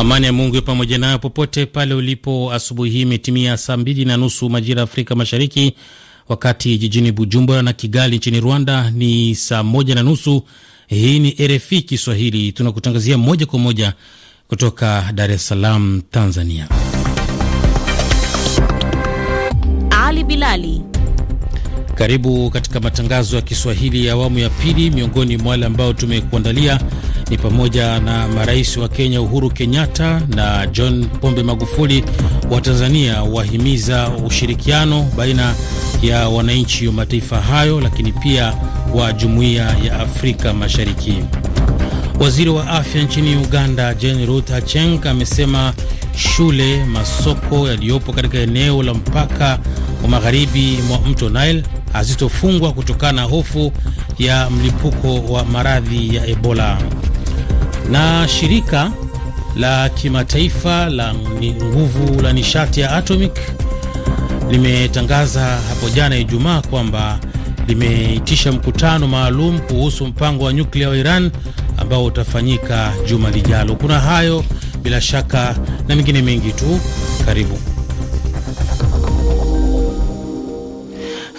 Amani ya Mungu pamoja nayo popote pale ulipo. Asubuhi hii imetimia saa mbili na nusu majira ya Afrika Mashariki, wakati jijini Bujumbura na Kigali nchini Rwanda ni saa moja na nusu. Hii ni RFI Kiswahili, tunakutangazia moja kwa moja kutoka Dar es Salaam, Tanzania. Ali Bilali karibu katika matangazo ya Kiswahili ya awamu ya pili. Miongoni mwa wale ambao tumekuandalia ni pamoja na marais wa Kenya Uhuru Kenyatta na John Pombe Magufuli wa Tanzania wahimiza ushirikiano baina ya wananchi wa mataifa hayo, lakini pia wa jumuiya ya Afrika Mashariki. Waziri wa afya nchini Uganda Jane Ruth acheng amesema shule, masoko yaliyopo katika eneo la mpaka wa magharibi mwa mto Nile hazitofungwa kutokana na hofu ya mlipuko wa maradhi ya Ebola. Na shirika la kimataifa la nguvu la nishati ya atomic limetangaza hapo jana Ijumaa kwamba limeitisha mkutano maalum kuhusu mpango wa nyuklia wa Iran ambao utafanyika juma lijalo. Kuna hayo bila shaka na mengine mengi tu, karibu.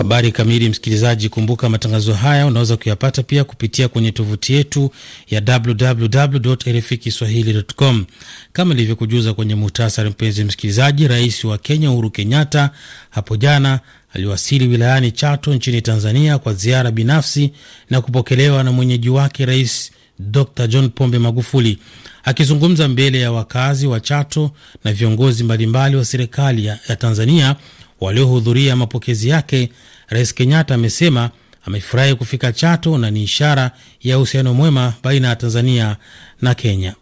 Habari kamili, msikilizaji, kumbuka matangazo haya unaweza kuyapata pia kupitia kwenye tovuti yetu ya www.rfikiswahili.com. Kama ilivyokujuza kwenye muhtasari, mpenzi msikilizaji, rais wa Kenya Uhuru Kenyatta hapo jana aliwasili wilayani Chato nchini Tanzania kwa ziara binafsi na kupokelewa na mwenyeji wake Rais Dr John Pombe Magufuli. Akizungumza mbele ya wakazi wa Chato na viongozi mbalimbali wa serikali ya Tanzania, waliohudhuria mapokezi yake, Rais Kenyatta amesema amefurahi kufika Chato na ni ishara ya uhusiano mwema baina ya Tanzania na Kenya.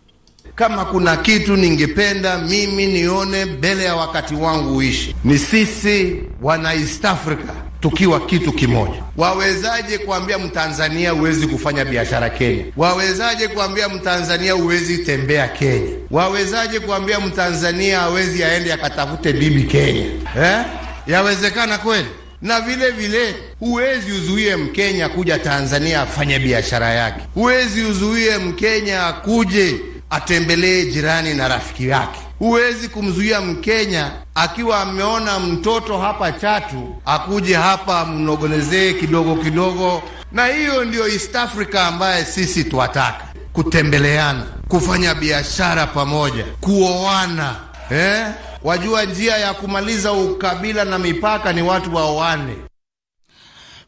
Kama kuna kitu ningependa mimi nione mbele ya wakati wangu uishi, ni sisi wana East Africa tukiwa kitu kimoja. Wawezaje kuambia Mtanzania huwezi kufanya biashara Kenya? Wawezaje kuambia Mtanzania huwezi tembea Kenya? Wawezaje kuambia Mtanzania hawezi aende akatafute bibi Kenya eh? Yawezekana kweli? Na vile vile huwezi uzuie Mkenya kuja Tanzania afanye biashara yake, huwezi uzuie Mkenya akuje atembelee jirani na rafiki yake. Huwezi kumzuia Mkenya akiwa ameona mtoto hapa Chatu akuje hapa mnogonezee kidogo kidogo, na hiyo ndiyo East Africa ambaye sisi twataka kutembeleana, kufanya biashara pamoja, kuoana eh? wajua njia ya kumaliza ukabila na mipaka ni watu waoane.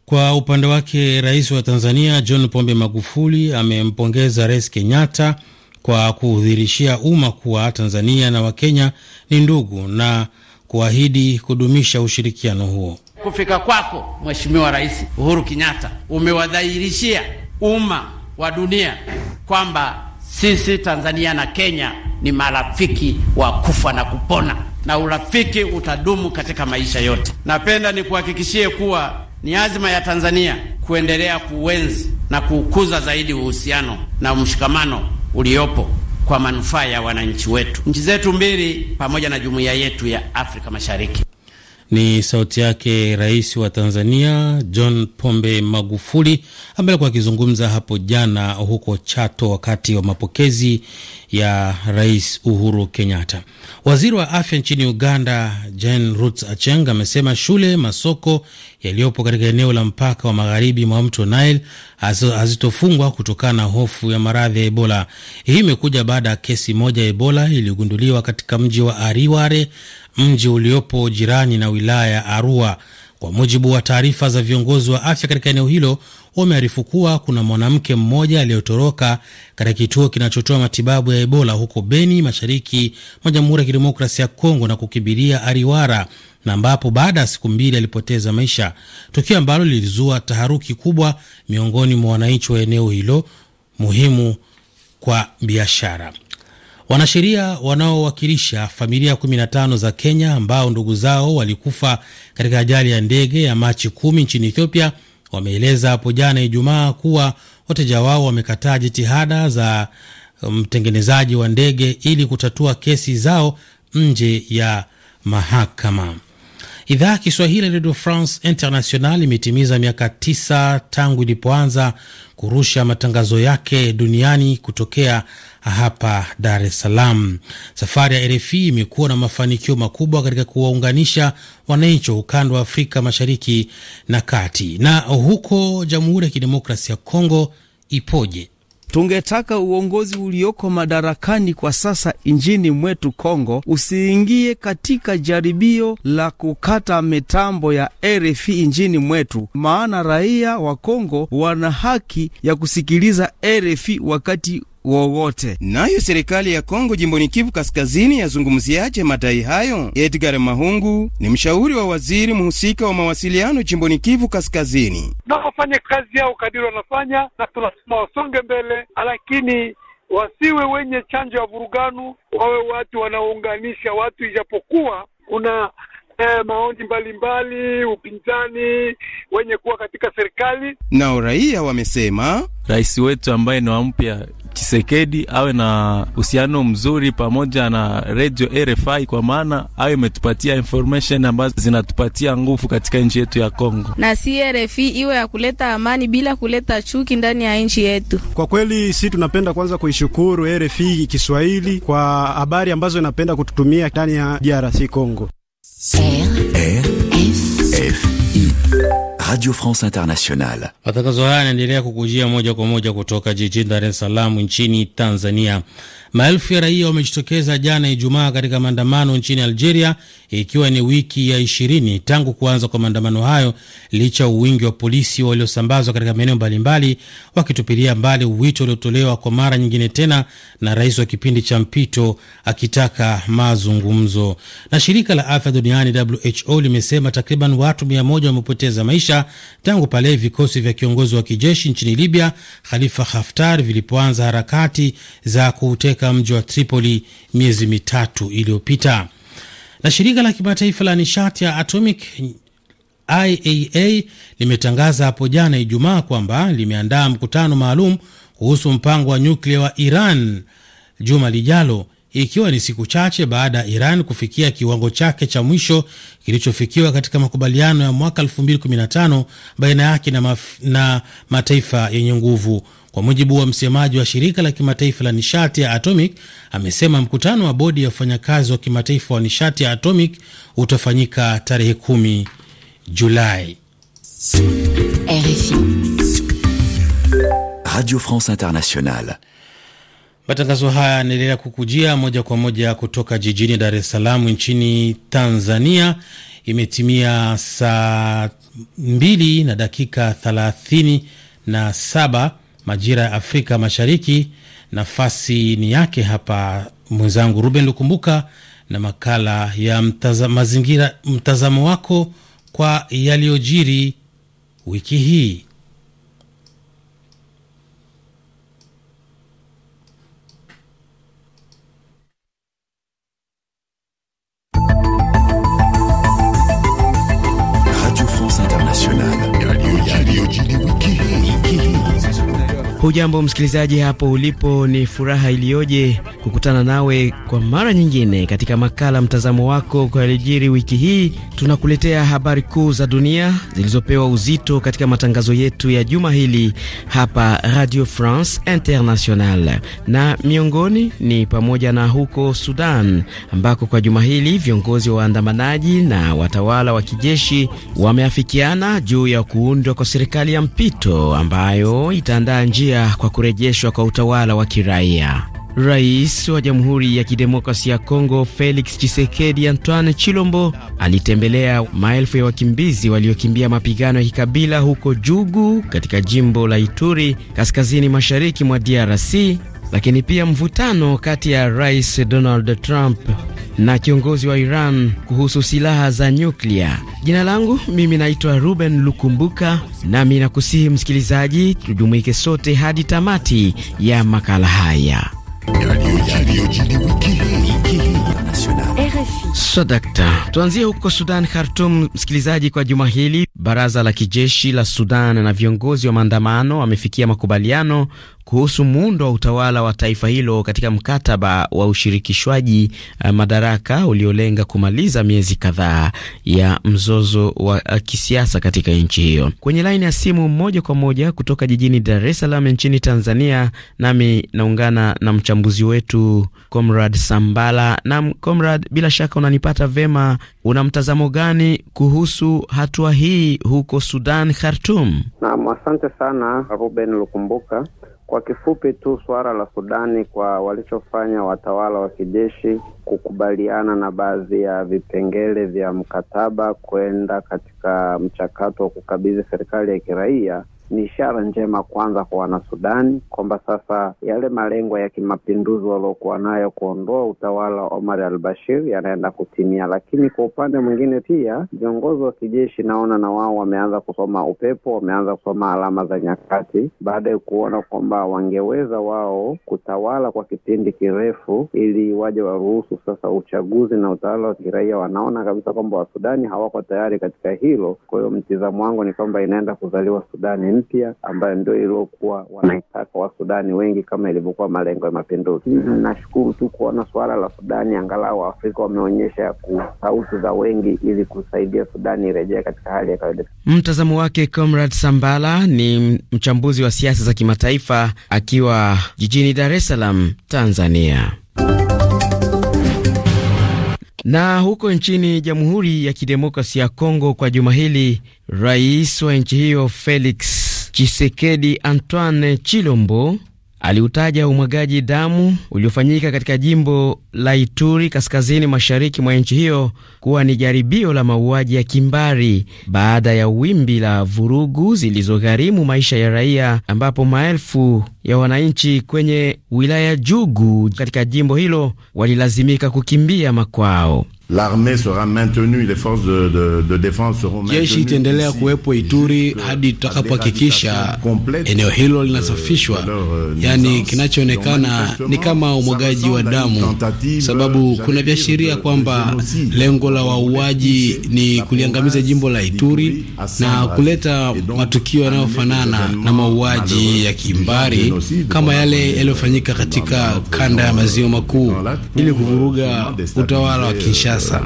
Kwa upande wake, rais wa Tanzania John Pombe Magufuli amempongeza Rais Kenyatta kwa kuudhirishia umma kuwa Tanzania na Wakenya ni ndugu na kuahidi kudumisha ushirikiano huo. Kufika kwako Mheshimiwa Rais Uhuru Kenyatta umewadhihirishia umma wa dunia kwamba sisi Tanzania na Kenya ni marafiki wa kufa na kupona, na urafiki utadumu katika maisha yote. Napenda nikuhakikishie kuwa ni azima ya Tanzania kuendelea kuenzi na kuukuza zaidi uhusiano na mshikamano uliopo kwa manufaa ya wananchi wetu, nchi zetu mbili, pamoja na jumuiya yetu ya Afrika Mashariki. Ni sauti yake rais wa Tanzania John Pombe Magufuli, ambaye alikuwa akizungumza hapo jana huko Chato wakati wa mapokezi ya Rais Uhuru Kenyatta. Waziri wa afya nchini Uganda Jane Ruth Acheng amesema shule, masoko yaliyopo katika eneo la mpaka wa magharibi mwa mto Nile hazitofungwa kutokana na hofu ya maradhi ya Ebola. Hii imekuja baada ya kesi moja ya Ebola iliyogunduliwa katika mji wa Ariware mji uliopo jirani na wilaya ya Arua. Kwa mujibu wa taarifa za viongozi wa afya katika eneo hilo, wamearifu kuwa kuna mwanamke mmoja aliyotoroka katika kituo kinachotoa matibabu ya Ebola huko Beni, mashariki mwa Jamhuri ya Kidemokrasia ya Kongo na kukimbilia Ariwara na ambapo baada ya siku mbili alipoteza maisha, tukio ambalo lilizua taharuki kubwa miongoni mwa wananchi wa eneo hilo muhimu kwa biashara. Wanasheria wanaowakilisha familia 15 za Kenya ambao ndugu zao walikufa katika ajali ya ndege ya Machi 10 nchini Ethiopia wameeleza hapo jana Ijumaa kuwa wateja wao wamekataa jitihada za um, mtengenezaji wa ndege ili kutatua kesi zao nje ya mahakama. Idhaa ya Kiswahili ya redio France International imetimiza miaka tisa tangu ilipoanza kurusha matangazo yake duniani kutokea hapa Dar es Salaam. Safari ya RFI imekuwa na mafanikio makubwa katika kuwaunganisha wananchi wa ukanda wa Afrika mashariki na kati. Na huko Jamhuri ya Kidemokrasi ya Kongo ipoje? Tungetaka uongozi ulioko madarakani kwa sasa nchini mwetu Kongo usiingie katika jaribio la kukata mitambo ya RFI nchini mwetu, maana raia wa Kongo wana haki ya kusikiliza RFI wakati wowote. Nayo serikali ya Kongo jimboni Kivu Kaskazini yazungumziaje madai hayo? Edgar Mahungu ni mshauri wa waziri mhusika wa mawasiliano jimboni Kivu Kaskazini. Na kazi yao kadiri wanafanya, na tunasema wasonge mbele, lakini wasiwe wenye chanjo ya vuruganu, wawe watu wanaounganisha watu, ijapokuwa kuna eh, maoni mbalimbali, upinzani, wenye kuwa katika serikali. na raia wamesema rais wetu ambaye ni mpya Chisekedi awe na uhusiano mzuri pamoja na radio RFI kwa maana awe imetupatia information ambazo zinatupatia nguvu katika nchi yetu ya Kongo, na si RFI iwe ya kuleta amani bila kuleta chuki ndani ya nchi yetu. Kwa kweli, si tunapenda kwanza kuishukuru RFI Kiswahili kwa habari ambazo inapenda kututumia ndani ya DRC Kongo. R, R, F, F, I. Radio France Internationale. Matangazo haya yanaendelea kukujia moja kwa moja kutoka jijini Dar es Salaam nchini Tanzania. Maelfu ya raia wamejitokeza jana Ijumaa katika maandamano nchini Algeria, ikiwa ni wiki ya ishirini tangu kuanza kwa maandamano hayo, licha uwingi wa polisi waliosambazwa katika maeneo mbalimbali, wakitupilia mbali wito uliotolewa kwa mara nyingine tena na rais wa kipindi cha mpito akitaka mazungumzo. Na shirika la afya duniani WHO limesema takriban watu mia moja wamepoteza maisha tangu pale vikosi vya kiongozi wa kijeshi nchini Libya Khalifa Haftar vilipoanza harakati za kuuteka mji wa Tripoli miezi mitatu iliyopita. Na shirika la kimataifa la nishati ya atomic IAEA limetangaza hapo jana Ijumaa kwamba limeandaa mkutano maalum kuhusu mpango wa nyuklia wa Iran juma lijalo ikiwa ni siku chache baada ya Iran kufikia kiwango chake cha mwisho kilichofikiwa katika makubaliano ya mwaka 2015 baina yake na, na mataifa yenye nguvu. Kwa mujibu wa msemaji wa shirika la kimataifa la nishati ya atomic, amesema mkutano wa bodi ya wafanyakazi wa kimataifa wa nishati ya atomic utafanyika tarehe 10 Julai. RFI Radio France Internationale. Matangazo haya yanaendelea kukujia moja kwa moja kutoka jijini Dar es Salaam nchini Tanzania. Imetimia saa mbili na dakika thelathini na saba majira ya Afrika Mashariki. Nafasi ni yake hapa mwenzangu Ruben Lukumbuka na makala ya mtaza, mazingira, mtazamo wako kwa yaliyojiri wiki hii. Hujambo msikilizaji hapo ulipo, ni furaha iliyoje kukutana nawe kwa mara nyingine katika makala mtazamo wako kwa yalijiri wiki hii. Tunakuletea habari kuu za dunia zilizopewa uzito katika matangazo yetu ya juma hili hapa Radio France International, na miongoni ni pamoja na huko Sudan ambako kwa juma hili viongozi wa waandamanaji na watawala wa kijeshi wameafikiana juu ya kuundwa kwa serikali ya mpito ambayo itaandaa njia kwa kurejeshwa kwa utawala wa kiraia. Rais wa Jamhuri ya Kidemokrasia ya Kongo Felix Tshisekedi Antoine Chilombo alitembelea maelfu ya wakimbizi waliokimbia mapigano ya kikabila huko Jugu katika jimbo la Ituri kaskazini mashariki mwa DRC, lakini pia mvutano kati ya Rais Donald Trump na kiongozi wa Iran kuhusu silaha za nyuklia. Jina langu mimi naitwa Ruben Lukumbuka, nami nakusihi msikilizaji, tujumuike sote hadi tamati ya makala haya. Swadakta so, tuanzie huko Sudan, Khartum. Msikilizaji, kwa juma hili baraza la kijeshi la Sudan na viongozi wa maandamano wamefikia makubaliano kuhusu muundo wa utawala wa taifa hilo katika mkataba wa ushirikishwaji eh, madaraka uliolenga kumaliza miezi kadhaa ya mzozo wa eh, kisiasa katika nchi hiyo. Kwenye laini ya simu moja kwa moja kutoka jijini Dar es Salaam nchini Tanzania, nami naungana na mchambuzi wetu comrad Sambala. nam comrad bila shaka unanipata vema. Una mtazamo gani kuhusu hatua hii huko Sudan, Khartum? Nam, asante sana Ruben Lukumbuka. Kwa kifupi tu, suala la Sudani kwa walichofanya watawala wa kijeshi kukubaliana na baadhi ya vipengele vya mkataba kwenda katika mchakato wa kukabidhi serikali ya kiraia ni ishara njema kwanza kwa Wanasudani kwamba sasa yale malengo ya kimapinduzi waliokuwa nayo kuondoa utawala wa Omar al Bashir yanaenda kutimia. Lakini kwa upande mwingine pia viongozi wa kijeshi naona na wao wameanza kusoma upepo, wameanza kusoma alama za nyakati baada ya kuona kwamba wangeweza wao kutawala kwa kipindi kirefu ili waje waruhusu sasa uchaguzi na utawala wa kiraia. Wanaona kabisa kwamba Wasudani hawako tayari katika hilo. Kwa hiyo mtizamo wangu ni kwamba inaenda kuzaliwa Sudani mpya ambayo ndio iliokuwa wanaitaka Wasudani wengi kama ilivyokuwa malengo ya mapinduzi. Mhm. Nashukuru tu kuona suala la Sudani angalau Waafrika wameonyesha sauti za wengi ili kusaidia Sudani irejea katika hali ya kawaida. Mtazamo wake Comrade Sambala ni mchambuzi wa siasa za kimataifa akiwa jijini Dar es Salaam, Tanzania. Na huko nchini Jamhuri ya Kidemokrasia ya Kongo, kwa juma hili rais wa nchi hiyo Felix Chisekedi Antoine Chilombo aliutaja umwagaji damu uliofanyika katika jimbo la Ituri kaskazini mashariki mwa nchi hiyo kuwa ni jaribio la mauaji ya kimbari baada ya wimbi la vurugu zilizogharimu maisha ya raia, ambapo maelfu ya wananchi kwenye wilaya Jugu katika jimbo hilo walilazimika kukimbia makwao. Jeshi itaendelea kuwepo Ituri hadi tutakapohakikisha eneo hilo linasafishwa. Yaani, kinachoonekana ni kama umwagaji wa damu, sababu kuna viashiria kwamba lengo la wauaji ni kuliangamiza jimbo la Ituri na kuleta matukio yanayofanana na mauaji ya kimbari kama yale yaliyofanyika katika kanda ya maziwa makuu ili kuvuruga utawala wa Kinshasa.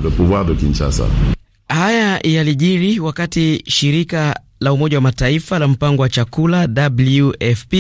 Haya yalijiri wakati shirika la Umoja wa Mataifa la mpango wa chakula WFP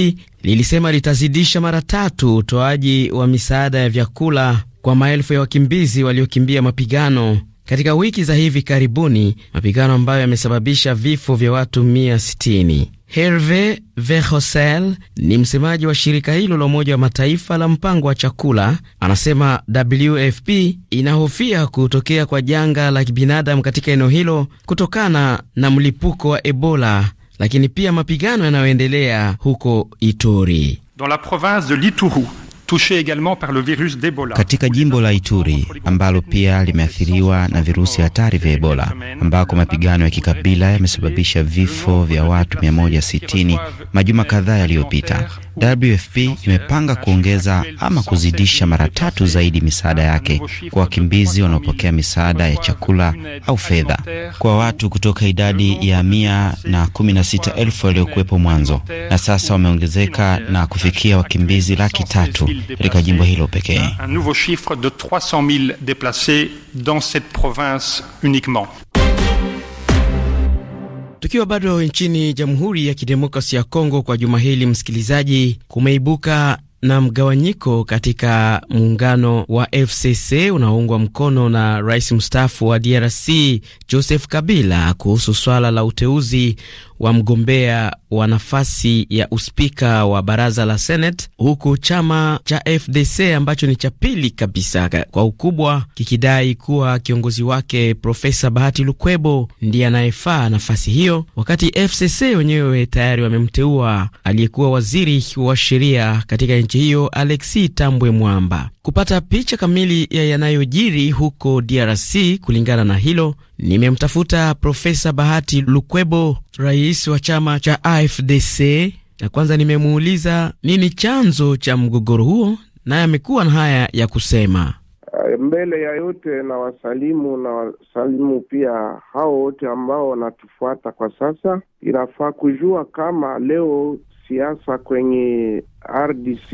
lilisema litazidisha mara tatu utoaji wa misaada ya vyakula kwa maelfu ya wakimbizi waliokimbia mapigano katika wiki za hivi karibuni, mapigano ambayo yamesababisha vifo vya watu 160. Herve Vehosel ni msemaji wa shirika hilo la Umoja wa Mataifa la mpango wa chakula, anasema WFP inahofia kutokea kwa janga la kibinadamu katika eneo hilo kutokana na mlipuko wa Ebola, lakini pia mapigano yanayoendelea huko Ituri. Dans la province de katika jimbo la Ituri ambalo pia limeathiriwa na virusi hatari vya Ebola ambako mapigano ya kikabila yamesababisha vifo vya watu 160 majuma kadhaa yaliyopita. WFP imepanga kuongeza ama kuzidisha mara tatu zaidi misaada yake kwa wakimbizi wanaopokea misaada ya chakula au fedha kwa watu kutoka idadi ya mia na kumi na sita elfu waliokuwepo mwanzo, na sasa wameongezeka na kufikia wakimbizi laki tatu katika jimbo hilo pekee. Tukiwa bado nchini Jamhuri ya kidemokrasi ya Kongo, kwa juma hili msikilizaji, kumeibuka na mgawanyiko katika muungano wa FCC unaoungwa mkono na rais mstaafu wa DRC Joseph Kabila kuhusu swala la uteuzi wa mgombea wa nafasi ya uspika wa baraza la Senate, huku chama cha FDC ambacho ni cha pili kabisa kwa ukubwa kikidai kuwa kiongozi wake Profesa Bahati Lukwebo ndiye anayefaa nafasi hiyo, wakati FCC wenyewe tayari wamemteua aliyekuwa waziri wa sheria katika nchi hiyo Alexi Tambwe Mwamba kupata picha kamili ya yanayojiri huko DRC. Kulingana na hilo, nimemtafuta Profesa Bahati Lukwebo, rais wa chama cha AFDC, na kwanza nimemuuliza nini chanzo cha mgogoro huo, naye amekuwa na haya ya kusema. Eh, mbele ya yote na wasalimu na wasalimu pia hao wote ambao wanatufuata kwa sasa, inafaa kujua kama leo siasa kwenye RDC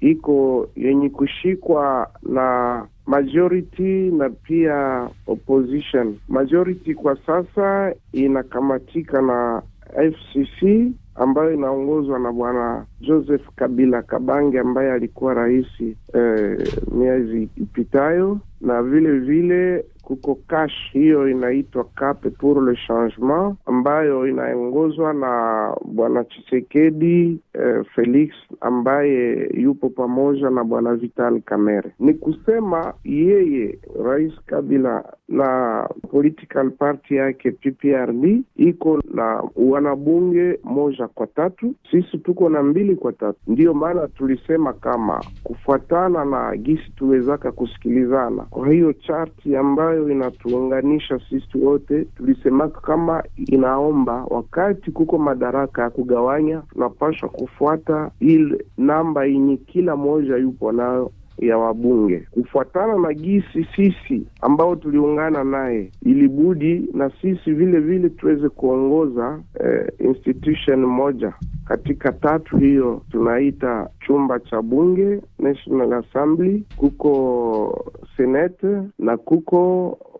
iko yenye kushikwa na majority na pia opposition. Majority kwa sasa inakamatika na FCC ambayo inaongozwa na bwana Joseph Kabila Kabange ambaye alikuwa rais eh, miezi ipitayo, na vile vile kuko cash hiyo inaitwa Cape pour le changement ambayo inaongozwa na bwana Chisekedi eh, Felix ambaye yupo pamoja na bwana Vital kamere Ni kusema yeye Rais Kabila na political party yake PPRD iko na wanabunge moja kwa tatu, sisi tuko na mbili kwa tatu. Ndiyo maana tulisema kama kufuatana na gisi tuwezaka kusikilizana, kwa hiyo charti ambayo ambayo inatuunganisha sisi wote. Tulisema kama inaomba wakati kuko madaraka ya kugawanya, tunapasha kufuata ile namba yenye kila moja yupo nayo ya wabunge kufuatana na gisi sisi ambao tuliungana naye, ilibudi na sisi vile vile tuweze kuongoza eh, institution moja. Katika tatu hiyo tunaita chumba cha bunge National Assembly, kuko senate na kuko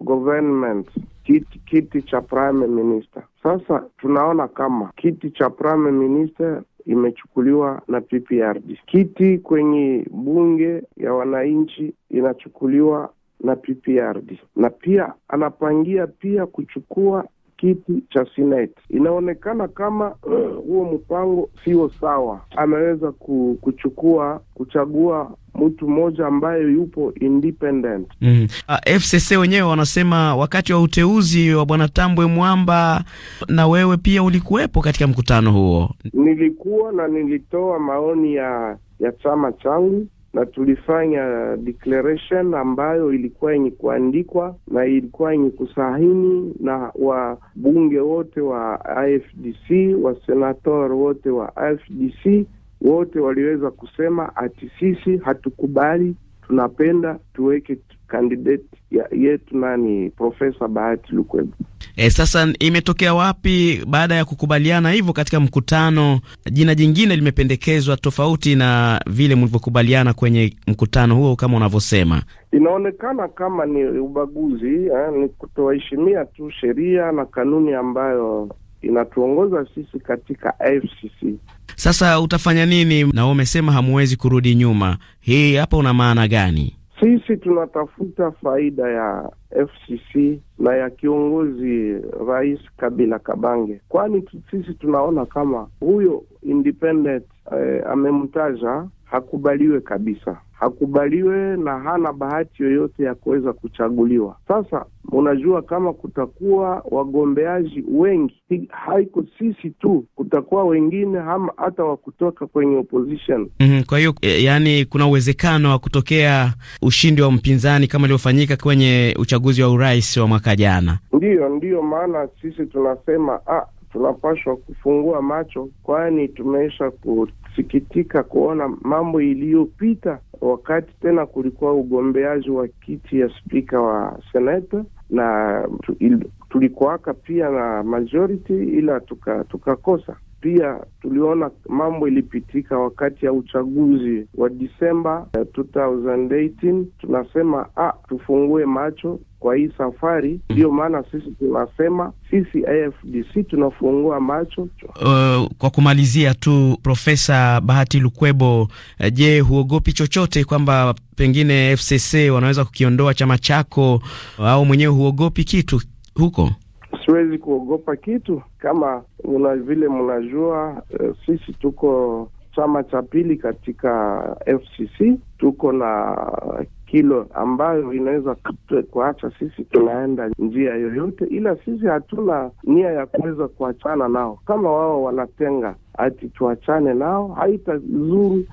government kiti, kiti cha prime minister. Sasa tunaona kama kiti cha prime minister imechukuliwa na PPRD, kiti kwenye bunge ya wananchi inachukuliwa na PPRD, na pia anapangia pia kuchukua kiti cha Senate. Inaonekana kama eh, huo uh, mpango sio sawa. Ameweza kuchukua kuchagua mtu mmoja ambaye yupo independent. Mm. Mm-hmm. Uh, ah, FCC wenyewe wanasema wakati wa uteuzi wa bwana Tambwe Mwamba, na wewe pia ulikuwepo katika mkutano huo. Nilikuwa na nilitoa maoni ya ya chama changu na tulifanya declaration ambayo ilikuwa yenye kuandikwa na ilikuwa yenye kusahini na wabunge wote wa IFDC, wasenator wote wa IFDC, wote waliweza kusema ati sisi hatukubali, tunapenda tuweke kandidate yetu nani, Profesa Bahati Lukwebo. E, sasa imetokea wapi? Baada ya kukubaliana hivyo katika mkutano, jina jingine limependekezwa tofauti na vile mlivyokubaliana kwenye mkutano huo. Kama unavyosema, inaonekana kama ni ubaguzi eh, ni kutoheshimia tu sheria na kanuni ambayo inatuongoza sisi katika FCC. Sasa utafanya nini? Na umesema hamwezi kurudi nyuma, hii hapa una maana gani? Sisi tunatafuta faida ya FCC na ya kiongozi Rais Kabila Kabange, kwani sisi tunaona kama huyo independent eh, amemtaja hakubaliwe kabisa hakubaliwe na hana bahati yoyote ya kuweza kuchaguliwa. Sasa unajua, kama kutakuwa wagombeaji wengi, haiko sisi tu, kutakuwa wengine ama hata wa kutoka kwenye opposition. Mm -hmm. Kwa hiyo e, yani kuna uwezekano wa kutokea ushindi wa mpinzani kama iliyofanyika kwenye uchaguzi wa urais wa mwaka jana. Ndiyo, ndiyo maana sisi tunasema ah, tunapashwa kufungua macho, kwani tumeisha ku sikitika kuona mambo iliyopita wakati tena kulikuwa ugombeaji wa kiti ya spika wa seneta na tulikuwaka pia na majority ila tukakosa tuka pia tuliona mambo ilipitika wakati ya uchaguzi wa Disemba eh, 2018. Tunasema ah, tufungue macho kwa hii safari. Ndiyo maana sisi tunasema sisi AFDC tunafungua macho uh. Kwa kumalizia tu, Profesa Bahati Lukwebo, eh, je, huogopi chochote kwamba pengine FCC wanaweza kukiondoa chama chako, au mwenyewe huogopi kitu huko? Siwezi kuogopa kitu kama muna vile mnajua, uh, eh, sisi tuko chama cha pili katika FCC, tuko na kilo ambayo inaweza kuacha sisi tunaenda njia yoyote, ila sisi hatuna nia ya kuweza kuachana nao. Kama wao wanatenga ati tuachane nao haitazuru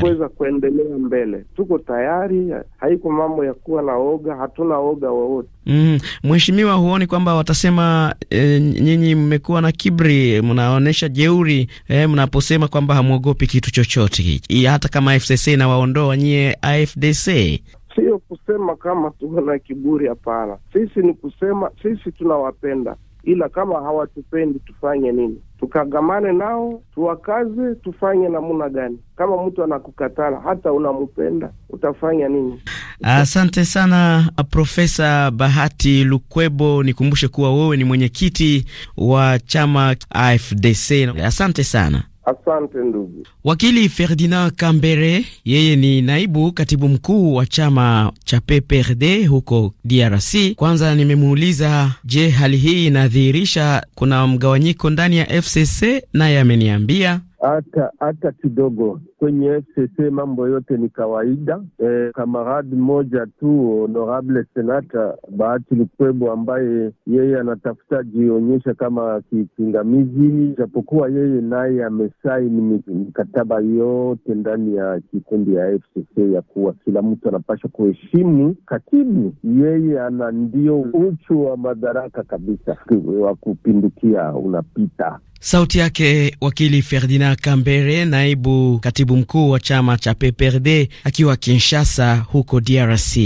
kuweza kuendelea mbele. Tuko tayari, haiko mambo ya kuwa na oga, hatuna oga wowote. Mm, mheshimiwa, huoni kwamba watasema e, nyinyi mmekuwa na kibri mnaonyesha jeuri e, mnaposema kwamba hamwogopi kitu chochote, hata kama FCC inawaondoa nyie AFDC? Sio kusema kama tuko na kiburi, hapana. Sisi ni kusema sisi tunawapenda ila kama hawatupendi tufanye nini? Tukagamane nao tuwakaze, tufanye namuna gani? Kama mtu anakukatala hata unamupenda utafanya nini? Asante sana Profesa Bahati Lukwebo, nikumbushe kuwa wewe ni mwenyekiti wa chama AFDC. Asante sana. Asante ndugu wakili. Ferdinand Kambere, yeye ni naibu katibu mkuu wa chama cha PPRD huko DRC. Kwanza nimemuuliza, je, hali hii inadhihirisha kuna mgawanyiko ndani ya FCC? Naye ameniambia hata hata kidogo kwenye FCC mambo yote ni kawaida. E, kamaradi mmoja tu honorable senata Bahati Lukwebo ambaye yeye anatafuta jionyesha kama kipingamizi, japokuwa yeye naye amesaini mikataba yote ndani ya kikundi ya FCC ya kuwa kila mtu anapasha kuheshimu katibu. Yeye ana ndio uchu wa madaraka kabisa wa kupindukia unapita. Sauti yake wakili Ferdinand Kambere, naibu katibu katibu mkuu wa chama cha PPRD akiwa Kinshasa huko DRC.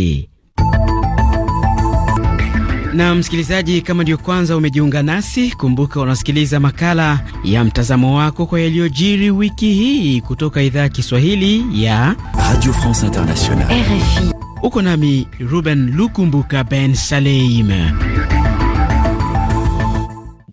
Na msikilizaji, kama ndiyo kwanza umejiunga nasi, kumbuka unasikiliza makala ya mtazamo wako kwa yaliyojiri wiki hii kutoka idhaa ya Kiswahili ya Radio France Internationale. Uko nami Ruben Lukumbuka Ben Saleim.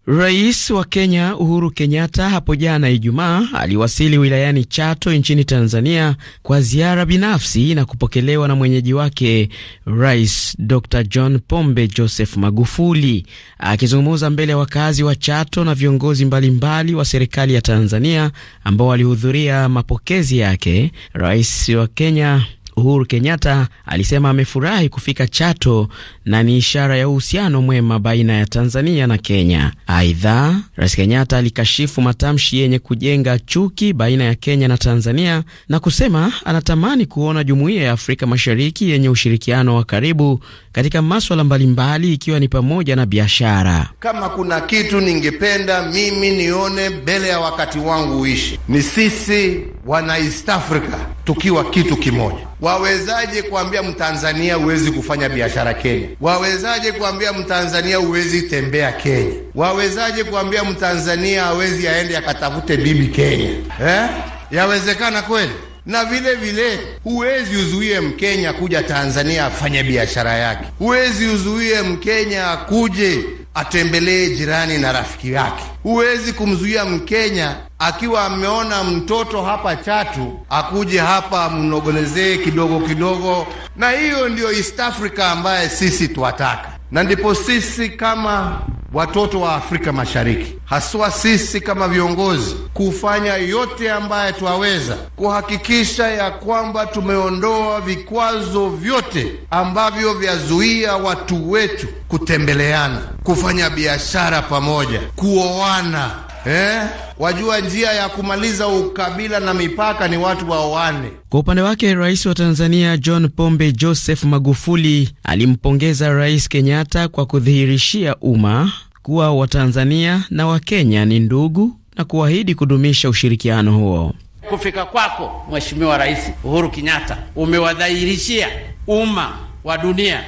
Rais wa Kenya Uhuru Kenyatta hapo jana Ijumaa aliwasili wilayani Chato nchini Tanzania kwa ziara binafsi na kupokelewa na mwenyeji wake Rais Dr John Pombe Joseph Magufuli. Akizungumza mbele ya wakazi wa Chato na viongozi mbalimbali mbali wa serikali ya Tanzania ambao walihudhuria mapokezi yake, rais wa Kenya Uhuru Kenyatta alisema amefurahi kufika Chato na ni ishara ya uhusiano mwema baina ya Tanzania na Kenya. Aidha, Rais Kenyatta alikashifu matamshi yenye kujenga chuki baina ya Kenya na Tanzania na kusema anatamani kuona jumuiya ya Afrika Mashariki yenye ushirikiano wa karibu katika maswala mbalimbali ikiwa ni pamoja na biashara. Kama kuna kitu ningependa mimi nione mbele ya wakati wangu uishi, ni sisi wana East Africa tukiwa kitu kimoja. Wawezaje kuambia Mtanzania huwezi kufanya biashara Kenya? Wawezaje kuambia Mtanzania huwezi tembea Kenya? Wawezaje kuambia Mtanzania hawezi aende akatafute bibi Kenya eh? Yawezekana kweli? na vile vile huwezi uzuie Mkenya kuja Tanzania afanye biashara yake. Huwezi uzuie Mkenya akuje atembelee jirani na rafiki yake. Huwezi kumzuia Mkenya akiwa ameona mtoto hapa Chatu akuje hapa mnogonezee kidogo kidogo, na hiyo ndiyo East Africa ambaye sisi tuwataka na ndipo sisi kama watoto wa Afrika Mashariki, haswa sisi kama viongozi, kufanya yote ambaye twaweza kuhakikisha ya kwamba tumeondoa vikwazo vyote ambavyo vyazuia watu wetu kutembeleana, kufanya biashara pamoja, kuoana eh? Wajua njia ya kumaliza ukabila na mipaka ni watu waoane. Kwa upande wake, rais wa Tanzania John Pombe Joseph Magufuli alimpongeza Rais Kenyatta kwa kudhihirishia umma kuwa Watanzania na Wakenya ni ndugu na kuahidi kudumisha ushirikiano huo. Kufika kwako Mheshimiwa Rais Uhuru Kenyatta, umewadhihirishia umma wa dunia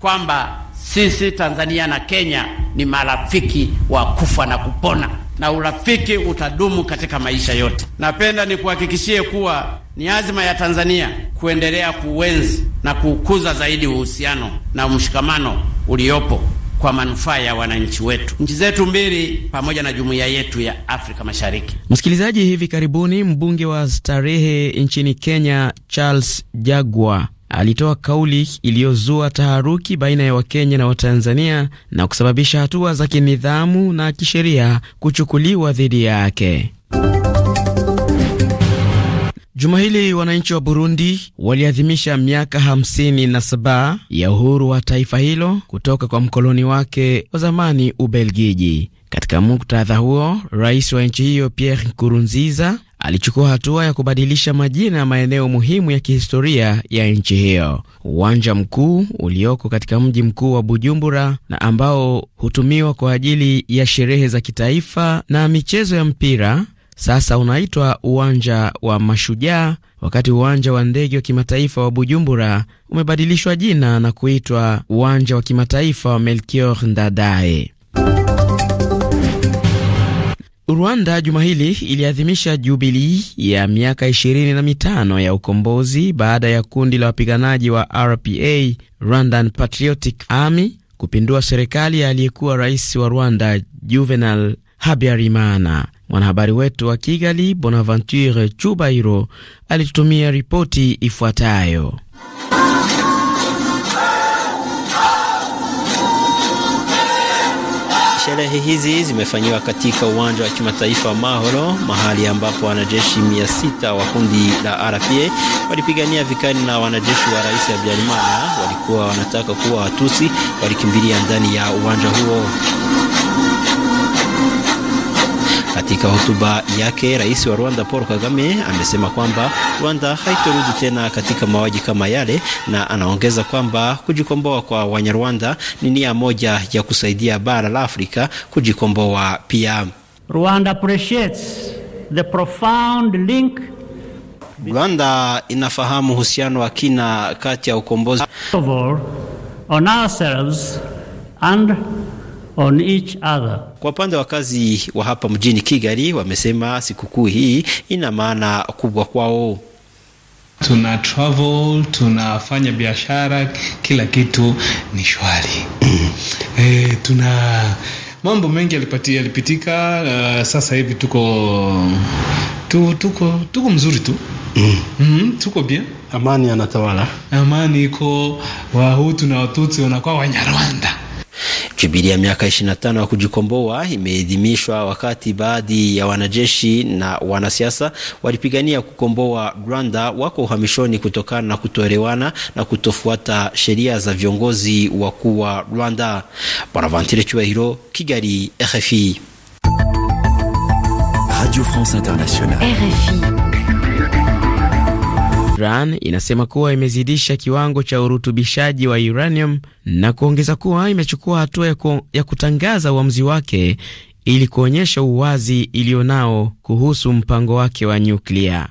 kwamba sisi Tanzania na Kenya ni marafiki wa kufa na kupona na urafiki utadumu katika maisha yote. Napenda nikuhakikishie kuwa ni azima ya Tanzania kuendelea kuwenzi na kuukuza zaidi uhusiano na mshikamano uliopo kwa manufaa ya wananchi wetu, nchi zetu mbili, pamoja na jumuiya yetu ya Afrika Mashariki. Msikilizaji, hivi karibuni mbunge wa Starehe nchini Kenya Charles Jagwa alitoa kauli iliyozua taharuki baina ya Wakenya na Watanzania na kusababisha hatua za kinidhamu na kisheria kuchukuliwa dhidi yake. Juma hili wananchi wa Burundi waliadhimisha miaka 57 ya uhuru wa taifa hilo kutoka kwa mkoloni wake wa zamani Ubelgiji. Katika muktadha huo, rais wa nchi hiyo Pierre Nkurunziza alichukua hatua ya kubadilisha majina ya maeneo muhimu ya kihistoria ya nchi hiyo. Uwanja mkuu ulioko katika mji mkuu wa Bujumbura na ambao hutumiwa kwa ajili ya sherehe za kitaifa na michezo ya mpira sasa unaitwa uwanja wa Mashujaa, wakati uwanja wa ndege wa kimataifa wa Bujumbura umebadilishwa jina na kuitwa uwanja wa kimataifa wa Melchior Ndadaye. Rwanda juma hili iliadhimisha jubilii ya miaka 25 mitano ya ukombozi baada ya kundi la wapiganaji wa RPA, Rwandan Patriotic Army, kupindua serikali ya aliyekuwa rais wa Rwanda Juvenal Habyarimana. Mwanahabari wetu wa Kigali Bonaventure Chubairo alitutumia ripoti ifuatayo. Sherehe hizi zimefanyiwa katika uwanja wa kimataifa wa Mahoro, mahali ambapo wanajeshi mia sita wa kundi la RPA walipigania vikali na wanajeshi wa Rais Habyarimana walikuwa wanataka kuwa Watusi walikimbilia ndani ya uwanja huo. Katika hotuba yake, rais wa Rwanda Paul Kagame amesema kwamba Rwanda haitorudi tena katika mauaji kama yale, na anaongeza kwamba kujikomboa kwa Wanyarwanda ni nia moja ya kusaidia bara la Afrika kujikomboa pia. Rwanda appreciates the profound link Rwanda inafahamu uhusiano wa kina kati ya ukombozi on ourselves and on each other kwa upande wa kazi wa hapa mjini Kigali, wamesema sikukuu hii ina maana kubwa kwao. Tuna travel, tunafanya biashara, kila kitu ni shwari. E, tuna mambo mengi yalipati, yalipitika. Uh, sasa hivi tuko tu, tuko tuko mzuri tu mm. Mm, tuko bien, amani anatawala, amani iko. Wahutu na Watutsi wanakuwa Wanyarwanda Jubilii ya miaka 25 ya kujikomboa imeidhimishwa wakati baadhi ya wanajeshi na wanasiasa walipigania kukomboa Rwanda wako uhamishoni kutokana na kutoelewana na kutofuata sheria za viongozi wakuu wa Rwanda. Bonaventure Cyubahiro, Kigali, RFI. Radio France Internationale. RFI. Iran inasema kuwa imezidisha kiwango cha urutubishaji wa uranium na kuongeza kuwa imechukua hatua ya kutangaza uamuzi wake ili kuonyesha uwazi iliyonao kuhusu mpango wake wa nyuklia.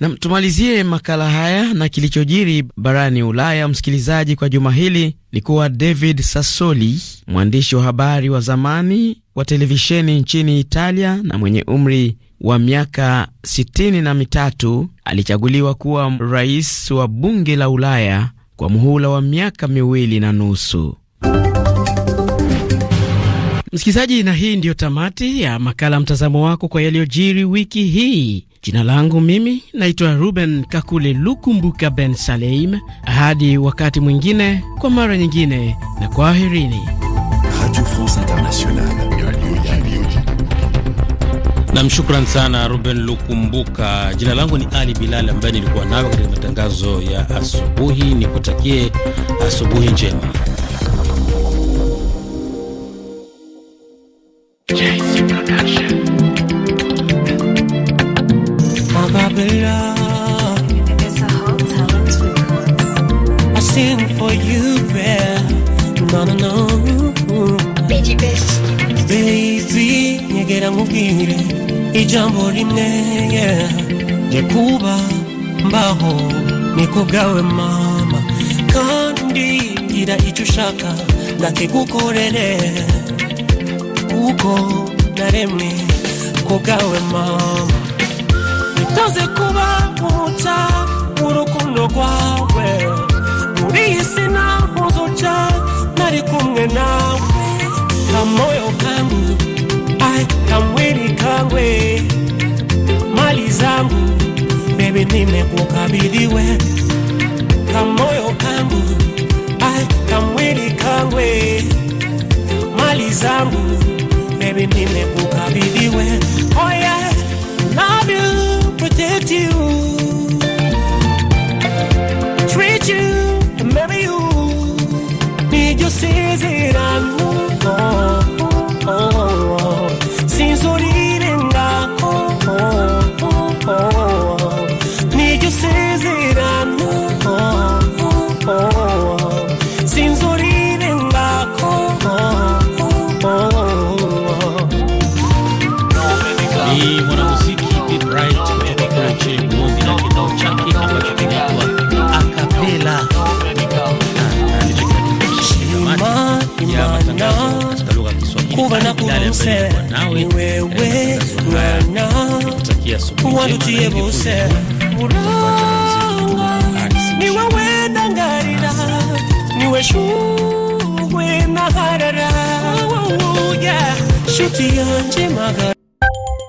Na tumalizie makala haya na kilichojiri barani Ulaya, msikilizaji, kwa juma hili ni kuwa David Sassoli, mwandishi wa habari wa zamani wa televisheni nchini Italia na mwenye umri wa miaka sitini na mitatu alichaguliwa kuwa rais wa bunge la Ulaya kwa muhula wa miaka miwili na nusu. Msikilizaji, na hii ndiyo tamati ya makala mtazamo wako kwa yaliyojiri wiki hii. Jina langu mimi naitwa Ruben Kakule Lukumbuka Ben Saleim. Hadi wakati mwingine, kwa mara nyingine, na kwaherini. Radio France Internationale. Nam, shukran sana Ruben Lukumbuka. Jina langu ni Ali Bilal ambaye nilikuwa nawe katika matangazo ya asubuhi. Nikutakie asubuhi njema ijambo rimwe kuba mbaho nikugawe mama kandi ngira icyo ushaka ndakigukorere kuko naremwe kugawe mama nitoze kuba muca urukundo rwawe muri iyi si ntahuzuca nari kumwe nawe kamoyo kangu Kamwili Kangwe, mali zangu baby, nimekukabidhi we kamoyo kangu, Kamwili Kangwe, mali zangu baby, nimekukabidhi we. Oh yeah, love you, protect you kuwa tutuyebuse muranga niwe wenangarira niwe shugwe naharara shuti yanje magara